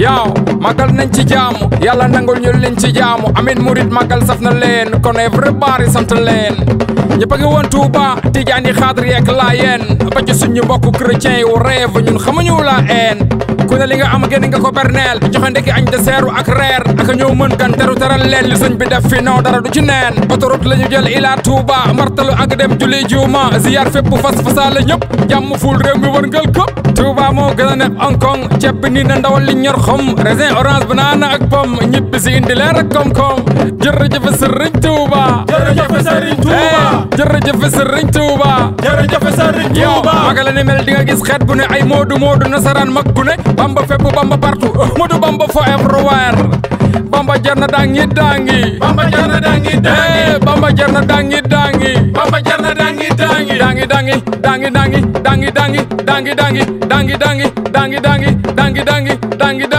yaaw magal nañ ci jaamu yàlla nangul ñu liñ ci jaamu amin murit magal saf na leen kon everybody sant leen ñëpp a ngi woon Touba Tijaani xaadir yeeg Laayeen ba ci suñu mbokku chrétien yu reev ñun een ku ne li nga am génn nga ko berneel joxe ndekki añ de seeru ak reer ak ñëw mën gan teru teral leen li bi def fi dara du ci neen autoroute la ñu jël ilaa martalu ak dem julli juuma ziyaar fépp fas fasaale ñëpp jàmm fuul réew mi wërngal këpp Touba moo gën a nekk Kong ceeb bi nii na ndawal li ñor xom raisin ak pomme ñibbi indi leer ak koom-koom jërëjëf sëriñ Touba jërëjëf sëriñ Tuuba jërëjëf sëriñ Tuuba maga la ne mel di nga gis xeet bu ne ay moodu moodu nasaraan mag gu ne bamba fépp bamba partout moodu bamba forever bamba jarna dangi dangi bamba jarna eh, dangi dangi bamba jarna dangi dangi bamba jarna dangi dangi dangi dangi dangi dangi dangi dangi dangi dangi dangi dangi dangi dangi dangi dangi dangi